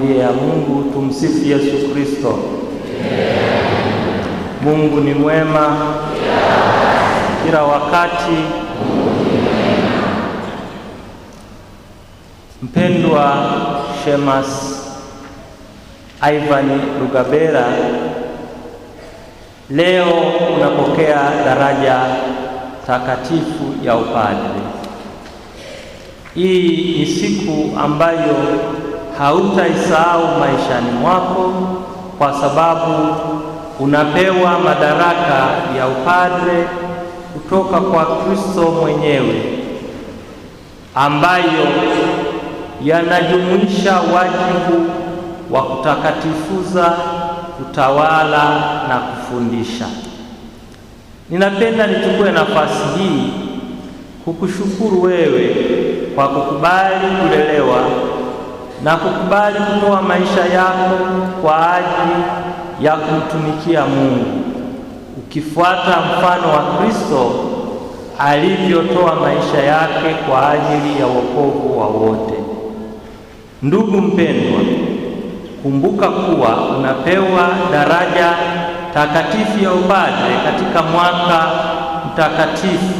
Familia ya Mungu, tumsifu Yesu Kristo. Mungu ni mwema kila wakati. Mpendwa Shemas Ivan Rugabera, leo unapokea daraja takatifu ya upadre. Hii ni siku ambayo hautaisahau maishani mwako, kwa sababu unapewa madaraka ya upadre kutoka kwa Kristo mwenyewe ambayo yanajumuisha wajibu wa kutakatifuza, kutawala na kufundisha. Ninapenda nichukue nafasi hii kukushukuru wewe kwa kukubali kulelewa na kukubali kutoa maisha yako kwa ajili ya kumtumikia Mungu, ukifuata mfano wa Kristo alivyotoa maisha yake kwa ajili ya wokovu wa wote. Ndugu mpendwa, kumbuka kuwa unapewa daraja takatifu ya upadre katika mwaka mtakatifu,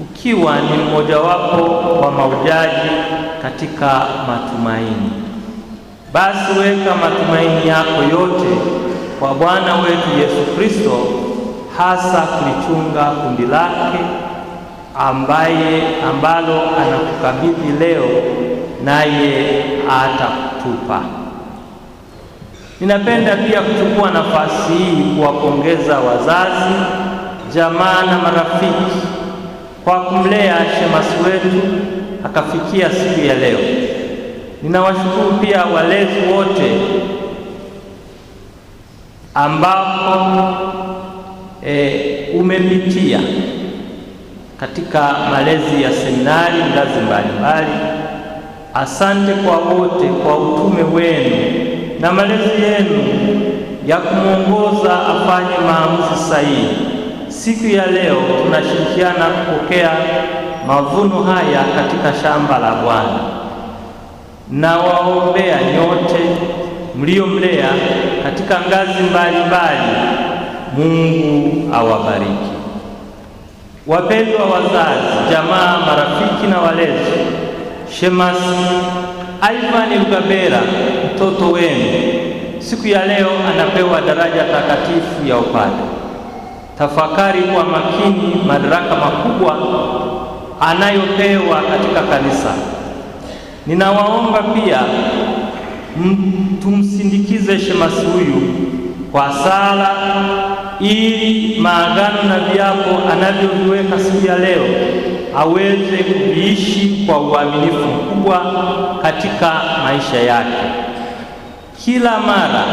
ukiwa ni mmojawapo wa maujaji katika matumaini. Basi weka matumaini yako yote kwa Bwana wetu Yesu Kristo, hasa kulichunga kundi lake ambaye ambalo anakukabidhi leo, naye atakutupa. Ninapenda pia kuchukua nafasi hii kuwapongeza wazazi, jamaa na marafiki kwa kumlea shemasi wetu akafikia siku ya leo. Ninawashukuru pia walezi wote ambapo e, eh, umepitia katika malezi ya seminari ngazi mbalimbali. Asante kwa wote kwa utume wenu na malezi yenu ya kumwongoza afanye maamuzi sahihi. Siku ya leo tunashirikiana kupokea mavuno haya katika shamba la Bwana. Nawaombea nyote mliomlea katika ngazi mbalimbali, Mungu awabariki. Wapendwa wazazi, jamaa, marafiki na walezi, Shemasi Ivan Rugabera mtoto wenu siku ya leo anapewa daraja takatifu ya upadre. Tafakari kwa makini madaraka makubwa anayopewa katika kanisa. Ninawaomba pia tumsindikize shemasi huyu kwa sala, ili maagano na viapo anavyoviweka siku ya leo aweze kuishi kwa uaminifu mkubwa katika maisha yake. Kila mara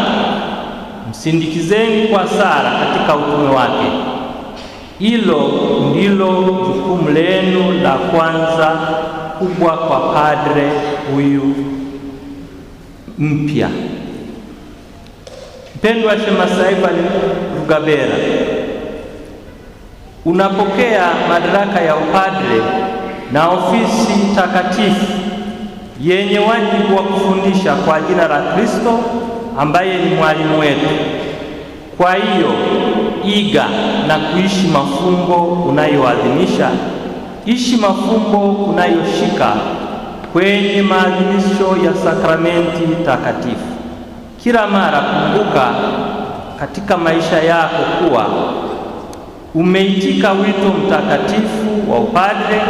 msindikizeni kwa sala katika utume wake. Hilo ndilo la kwanza kubwa kwa padre huyu mpya. Mpendwa Shema Saiban Rugabera, unapokea madaraka ya upadre na ofisi takatifu yenye wajibu wa kufundisha kwa jina la Kristo ambaye ni mwalimu wetu. Kwa hiyo iga na kuishi mafungo unayoadhimisha Ishi mafumbo unayoshika kwenye maadhimisho ya sakramenti takatifu. Kila mara kumbuka katika maisha yako kuwa umeitika wito mtakatifu wa upadre,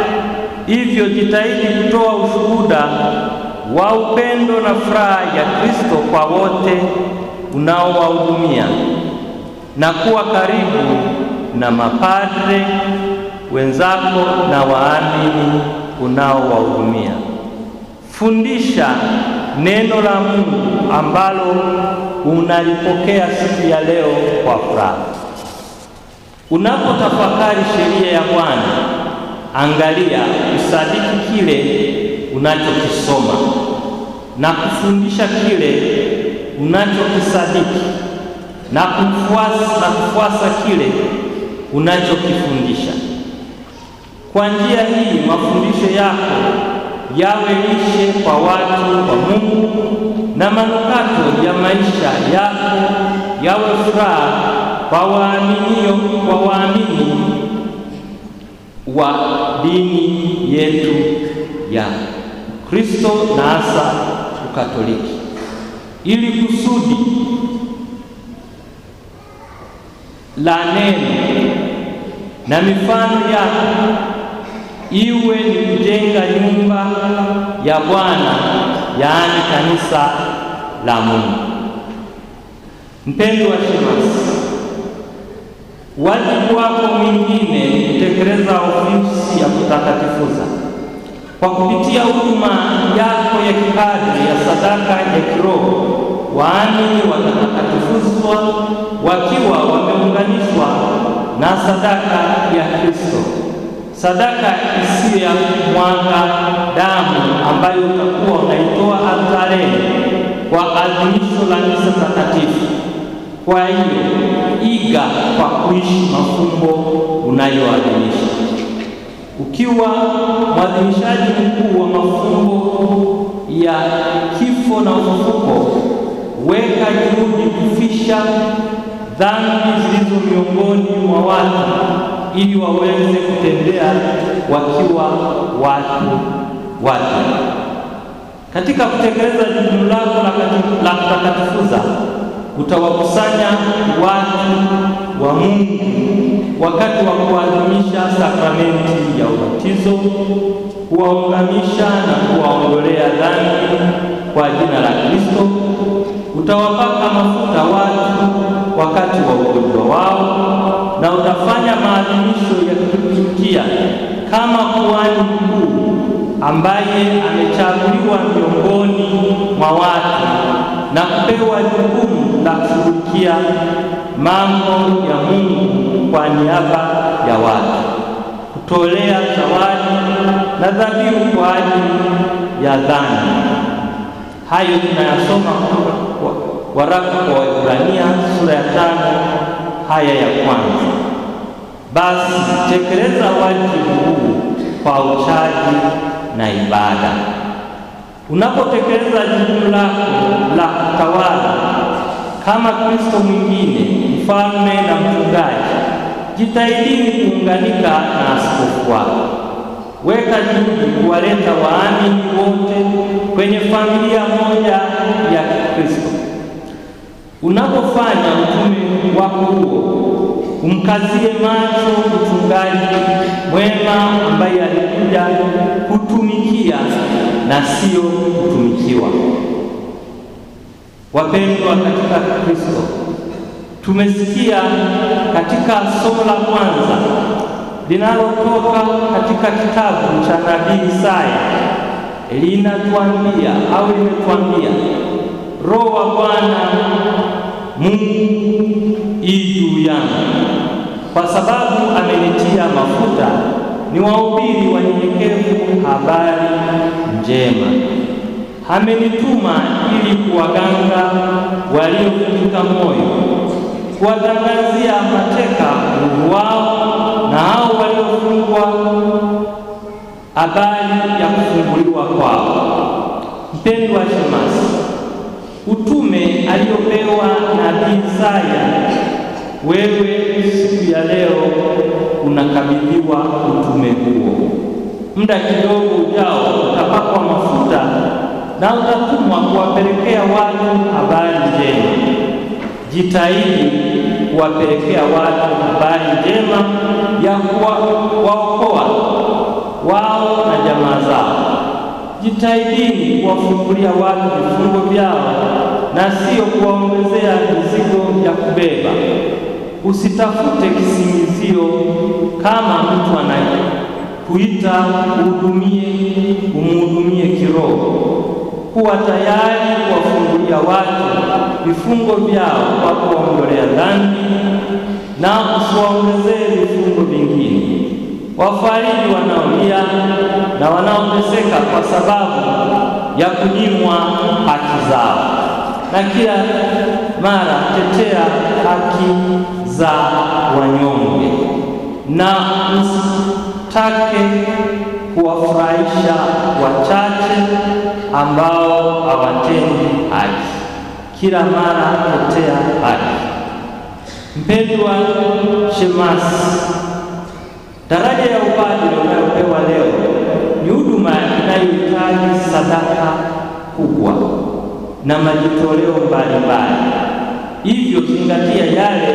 hivyo jitahidi kutoa ushuhuda wa upendo na furaha ya Kristo kwa wote unaowahudumia na kuwa karibu na mapadre wenzako na waamini unaowahudumia. Fundisha neno la Mungu ambalo unalipokea siku ya leo kwa furaha. Unapotafakari sheria ya Bwana, angalia usadiki kile unachokisoma na kufundisha kile unachokisadiki na kufuasa, na kufuasa kile unachokifundisha. Kwa njia hii mafundisho yako yawe lishe kwa watu wa Mungu na manukato ya maisha yako yawe furaha kwa waaminio kwa waamini wa dini yetu ya Kristo na hasa Ukatoliki ili kusudi la neno na mifano yako iwe ni kujenga nyumba ya Bwana, yaani kanisa la Mungu. Mpendo wa shemasi, wajibu wako mwingine ni kutekeleza ofisi ya kutakatifuza kwa kupitia huduma yako ya kikadri ya sadaka ya kiroho. Waamini watatakatifuzwa wakiwa wameunganishwa na sadaka ya Kristo sadaka isiyo ya kumwaga damu ambayo utakuwa unaitoa altareni kwa adhimisho la misa takatifu. Kwa hiyo iga kwa kuishi mafumbo unayoadhimisha. Ukiwa mwadhimishaji mkuu wa mafumbo ya kifo na ufufuko, weka juhudi kufisha dhambi zilizo miongoni mwa watu ili waweze kutembea wakiwa watu wake. Katika kutekeleza jukumu lako la kutakatifuza, utawakusanya watu wa Mungu wakati wa kuadhimisha sakramenti ya ubatizo, kuwaungamisha na kuwaondolea dhambi kwa jina la Kristo. Utawapaka mafuta watu wakati wa ugonjwa wao utafanya maadhimisho ya kitumikia kama kuhani mkuu ambaye amechaguliwa miongoni mwa watu na kupewa jukumu la kushughulikia mambo ya Mungu kwa niaba ya watu, kutolea zawadi na dhabihu kwa ajili ya dhambi. Hayo tunayasoma waraka kwa Waebrania sura ya tano haya ya kwanza, basi tekeleza wajibu huu kwa uchaji na ibada. Unapotekeleza jukumu lako la kutawala kama Kristo mwingine, mfalme na mchungaji, jitahidini kuunganika na askofu wako. Weka juhudi kuwaleta waamini wote kwenye familia moja ya Kristo. Unapofanya utume wako huo, umkazie macho mchungaji mwema ambaye alikuja kutumikia na sio kutumikiwa. Wapendwa katika Kristo, tumesikia katika somo la kwanza linalotoka katika kitabu cha nabii Isaya linatuambia au limetuambia, Roho wa Bwana Mungu hii juu yangu, kwa sababu amenitia mafuta ni wahubiri wanyenyekevu habari njema. Amenituma ili kuwaganga waliovunjika moyo, kuwatangazia mateka uhuru wao na hao waliofungwa habari ya kufunguliwa kwao. Mpendwa shemasi, utume aliyopewa nabii Isaya wewe siku ya leo unakabidhiwa utume huo. Muda kidogo ujao utapakwa mafuta na utatumwa kuwapelekea watu habari njema. Jitahidi kuwapelekea watu habari njema ya kuwaokoa wao na jamaa zao. Jitahidini kuwafungulia watu vifungo vyao na sio kuwaongezea mizigo ya kubeba. Usitafute kisingizio kama mtu kuita uhudumie, umhudumie kiroho. Kuwa tayari kuwafungulia watu vifungo vyao kwa kuwaondolea dhambi na usiwaongezee vifungo vingine. Wafariji wanaolia na wanaoteseka kwa sababu ya kunyimwa haki zao na kila mara tetea haki za wanyonge, na msitake kuwafurahisha wachache ambao hawatendi haki. Kila mara tetea haki. Mpendwa shemasi, daraja ya upadre unayopewa leo ni huduma inayohitaji sadaka na majitoleo mbalimbali. Hivyo zingatia yale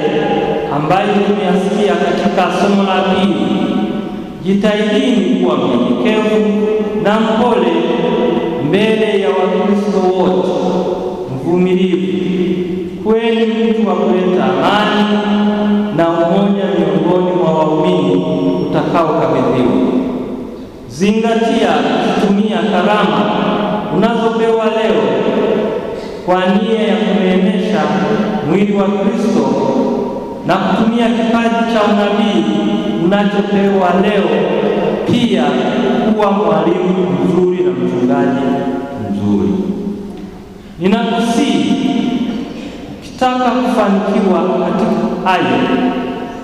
ambayo tumeyasikia katika somo la pili. Jitahidini kuwa mnyenyekevu na mpole mbele ya Wakristo wote, mvumilivu, kweli mtu wa kuleta amani na umoja miongoni mwa waumini utakaokabidhiwa. Zingatia kutumia karama kwa nia ya kuneemesha mwili wa Kristo na kutumia kipaji cha unabii unachopewa leo pia kuwa mwalimu mzuri na mchungaji mzuri. Ninakusihi ukitaka kufanikiwa katika hayo,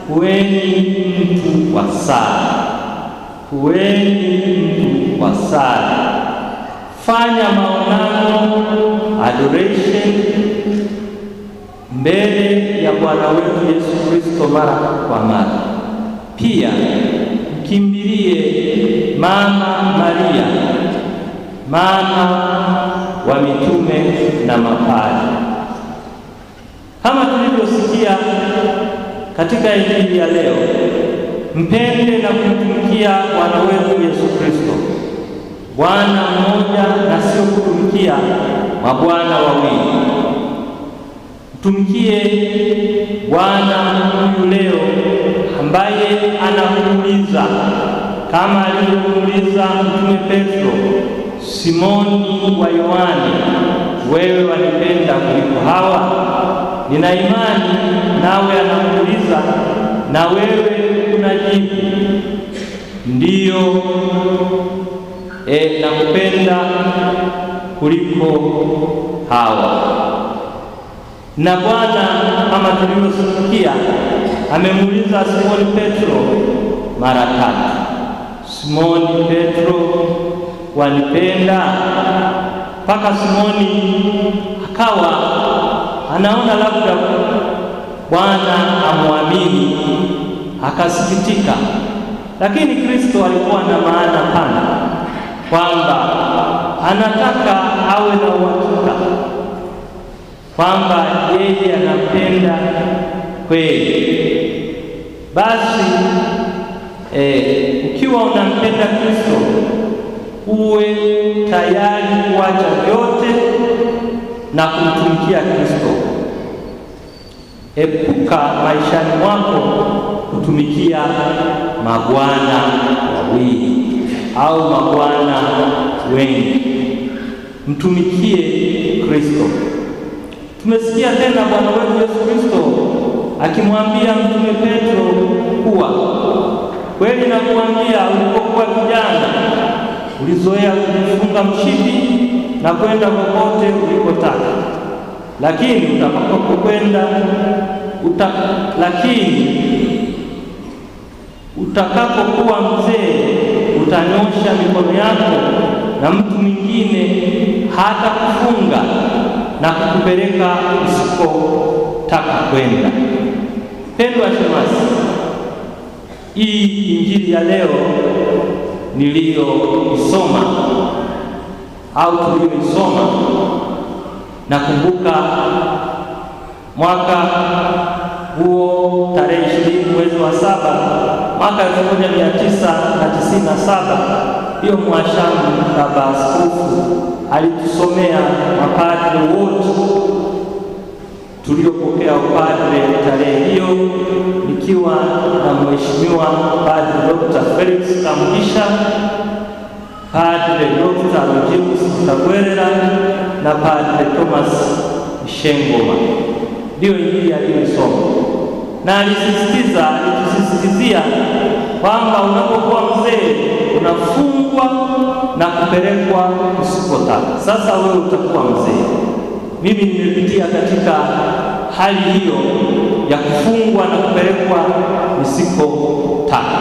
kuweni mtu wa sala, kuweni mtu wa sala fanya maonano adoration mbele ya Bwana wetu Yesu Kristo mara kwa mara. Pia mkimbilie Mama Maria, mama wa mitume na mapadri, kama tulivyosikia katika Injili ya leo, mpende na kumtumikia Bwana wetu Yesu Kristo. Bwana mmoja na sio kutumikia mabwana wawili. Mtumikie Bwana huyu leo ambaye anakuuliza kama alivyomuuliza Mtume Petro, Simoni wa Yohani, wewe wanipenda kuliko hawa? Nina imani nawe, anakuuliza na wewe unajibu ndiyo e, nakupenda kuliko hawa. Na Bwana kama tulivyosikia amemuuliza Simoni Petro mara tatu, Simoni Petro, wanipenda? Mpaka Simoni akawa anaona labda Bwana amwamini, akasikitika, lakini Kristo alikuwa na maana pana kwamba anataka awe na uhakika kwamba yeye anapenda kweli. Basi eh, ukiwa unampenda Kristo uwe tayari kuacha vyote na kumtumikia Kristo. Epuka maishani mwako kutumikia mabwana wawili au mabwana wengi, mtumikie Kristo. Tumesikia tena Bwana wetu Yesu Kristo akimwambia Mtume Petro kuwa kweli nakuambia, ulipokuwa kijana ulizoea kujifunga mshipi na kwenda popote ulikotaka, lakini utakapokwenda uta, lakini utakapokuwa mzee utanyosha mikono yako na mtu mwingine hata kufunga na kukupeleka taka kwenda. Pendwa shemasi, hii injili ya leo niliyoisoma au tuliyoisoma, nakumbuka mwaka huo tarehe ishirini mwezi wa saba mwaka 1997 hiyo mwashamu na baskofu alitusomea mapadre wote tuliopokea upadre tarehe hiyo, nikiwa na mheshimiwa Padre Dr. Felix Kamugisha, Padre Dr. Rujibu Mutagwerera na Padre Thomas Shengoma ndiyo injili aliyoisoma, na alisisitiza, alitusisitizia kwamba unapokuwa mzee unafungwa na kupelekwa usikotaka. Sasa wewe utakuwa mzee. Mimi nimepitia katika hali hiyo ya kufungwa na kupelekwa na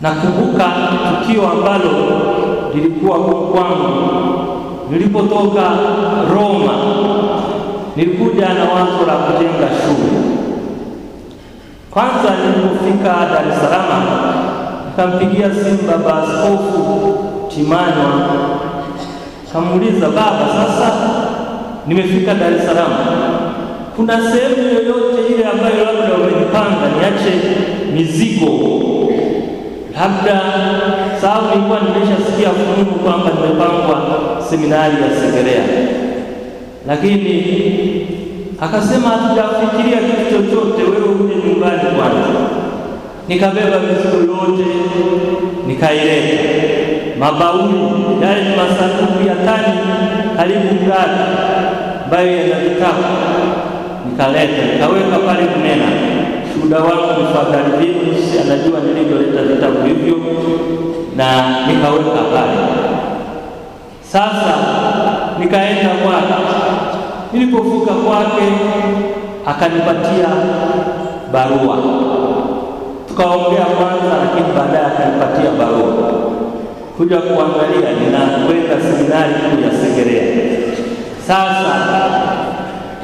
Nakumbuka tukio ambalo lilikuwa kwangu nilipotoka Roma nilikuja na wazo la kujenga shule. Kwanza nilipofika Dar es Salaam, nikampigia simu baba askofu Timanywa, kamuuliza baba, sasa nimefika Dar es Salaam, kuna sehemu yoyote ile ambayo labda umejipanga niache mizigo labda sababu nilikuwa nimeshasikia fununu kwamba nimepangwa seminari ya Segerea lakini akasema hatujafikiria kitu chochote, wewe uje nyumbani kwanza. Nikabeba mizigo yote nikaileta, mabauli yale ni masanduku ya tani karibu tatu ambayo yana vitabu, nikaleta nikaweka pale kunena. Shuhuda wangu vinu si anajua nilivyoleta vitabu hivyo, na nikaweka pale sasa nikaenda kwake. Nilipofika kwake, akanipatia barua, tukaongea kwanza, lakini baadaye akanipatia barua kuja kuangalia ninakwenda seminari kuu ya Segerea. Sasa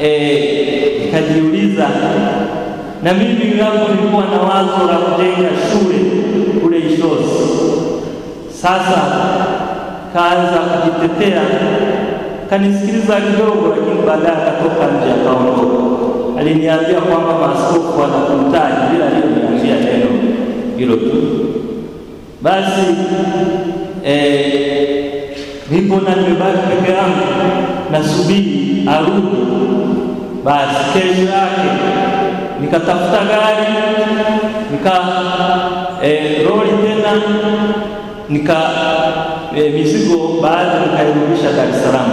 e, nikajiuliza e, na mimi langu nilikuwa na wazo la kujenga shule kule ishosi Sasa kaanza kujitetea Akanisikiliza kidogo, lakini baadaye akatoka nje akaondoka. Aliniambia kwamba maaskofu wanakumtaji bila aliyoniambia neno hilo tu. Basi e, nipo na nimebaki peke yangu, nasubiri arudi. Basi kesho yake nikatafuta gari nika e, roli tena nika e, mizigo baadhi nikairudisha Dar es Salaam.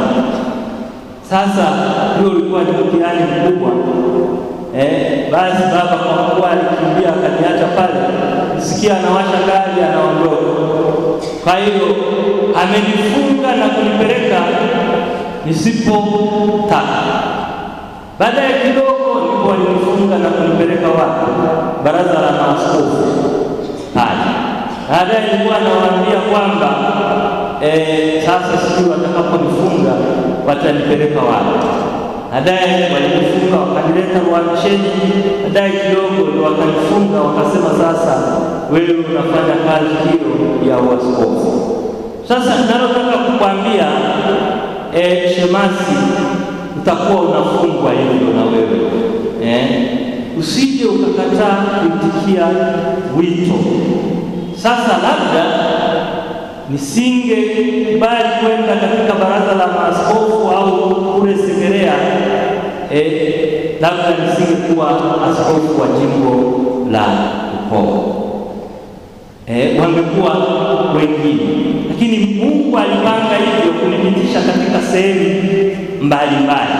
Sasa hiyo ilikuwa ni mtihani mkubwa eh, basi baba kwa kuwa alikimbia akaniacha pale, sikia anawasha gari anaondoka. Kwa hiyo amenifunga na kunipeleka nisipotaka. Baadaye kidogo ndipo alinifunga na kunipeleka wapi, baraza la maaskofu pale baadaye alikuwa anawaambia kwamba e, sasa sijui watakaponifunga watanipeleka wapi. Baadaye walinifunga wakanileta uhamisheni, baadaye kidogo wakanifunga wakasema, sasa wewe unafanya kazi hiyo ya uaskofu. Sasa ninalotaka kukwambia e, shemasi, utakuwa unafungwa hivyo na wewe eh? Usije ukakataa kuitikia wito sasa labda nisingekubali kwenda katika baraza la maaskofu au kule Segerea, eh, labda nisingekuwa askofu wa jimbo la mkoa eh, wangekuwa wengine, lakini Mungu alipanga hivyo kunipitisha katika sehemu mbalimbali.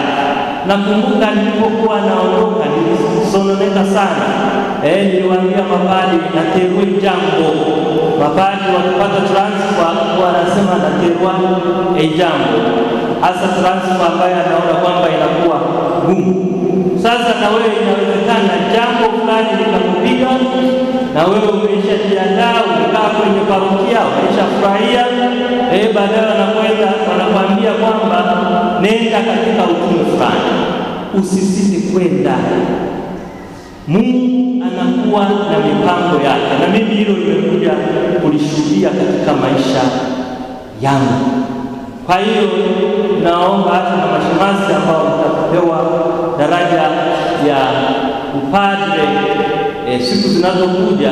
Nakumbuka nilipokuwa naondoka kusononeka sana. Eh, niliwaambia mapadi naterui jambo mapadi wakupata transfer wanasema naterua e jambo hasa transfer ambayo anaona kwamba inakuwa gumu. Sasa na wewe inawezekana jambo fulani likakupiga na wewe umeshajiandaa, umekaa kwenye parokia umeshafurahia, eh, baadaye wanakwenda wanakwambia kwamba nenda katika utume fulani, usisite kwenda Mungu anakuwa na mipango yake, na mimi hilo nimekuja kulishuhudia katika maisha yangu. Kwa hiyo naomba hata na mashemasi ambao mtapewa daraja ya upadre e, siku zinazokuja,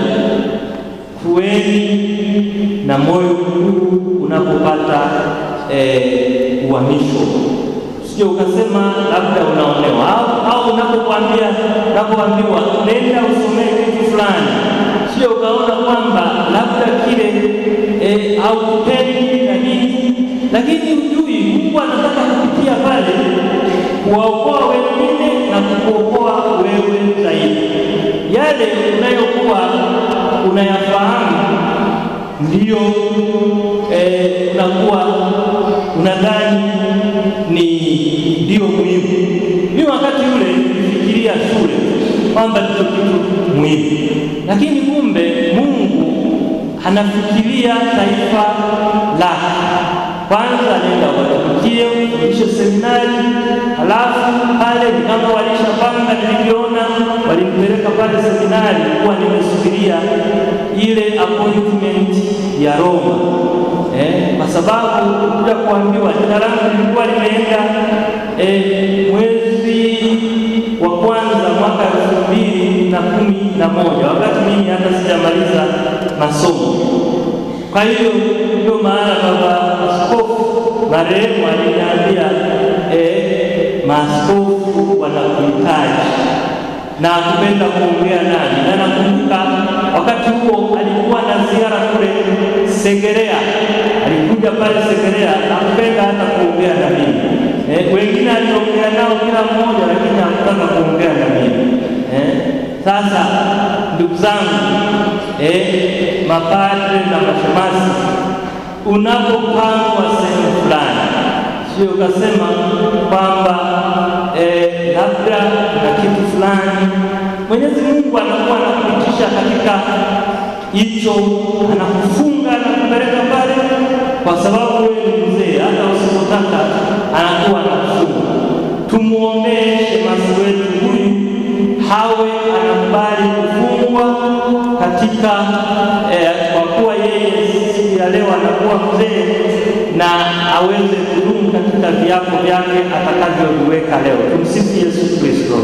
kuweni na moyo mkuu unapopata e, uhamisho usije ukasema labda unaonewa au unapokuambia unapoambiwa nenda usomee kitu fulani, sio ukaona kwamba labda kile e, eh, au kupeni na nini, lakini ujui Mungu anataka kupitia pale kuwaokoa wengine na kukuokoa wewe zaidi. Yale unayokuwa unayafahamu ndiyo e, unakuwa unadhani ni ndio muhimu. Ni wakati ule nilifikiria shule kwamba ndicho kitu muhimu, lakini kumbe Mungu anafikiria taifa lake kwanza nenda watumikie ufundishe seminari, halafu pale ni kama walishapanga. Nilivyoona walimpeleka pale seminari, kuwa nimesubiria ile appointment ya Roma eh, kwa sababu kuja kuambiwa jina langu lilikuwa limeenda eh, mwezi wa kwanza mwaka elfu mbili na kumi na moja wakati mimi hata sijamaliza masomo, kwa hiyo ndio maana baba askofu marehemu aliniambia eh, maaskofu wanakuhitaji na kupenda kuongea nani, na nakumbuka wakati huo alikuwa na ziara kule Segerea, alikuja pale Segerea, akupenda hata kuongea na mimi eh, wengine aliongea nao kila mmoja, lakini hakutaka kuongea na mimi eh. Sasa ndugu zangu eh, mapadre na mashemasi unapopangwa sehemu fulani, sio ukasema kwamba eh, labda na kitu fulani. Mwenyezi Mungu anakuwa anakupitisha katika hicho, anakufunga na kupeleka pale, kwa sababu wewe ni mzee, hata usipotaka anakuwa anakufunga. Tumuombee shemasi wetu huyu hawe anakubali kufungwa katika kwa mzee na aweze kudumu katika viapo vyake atakavyoviweka leo. Tumsifu Yesu Kristo.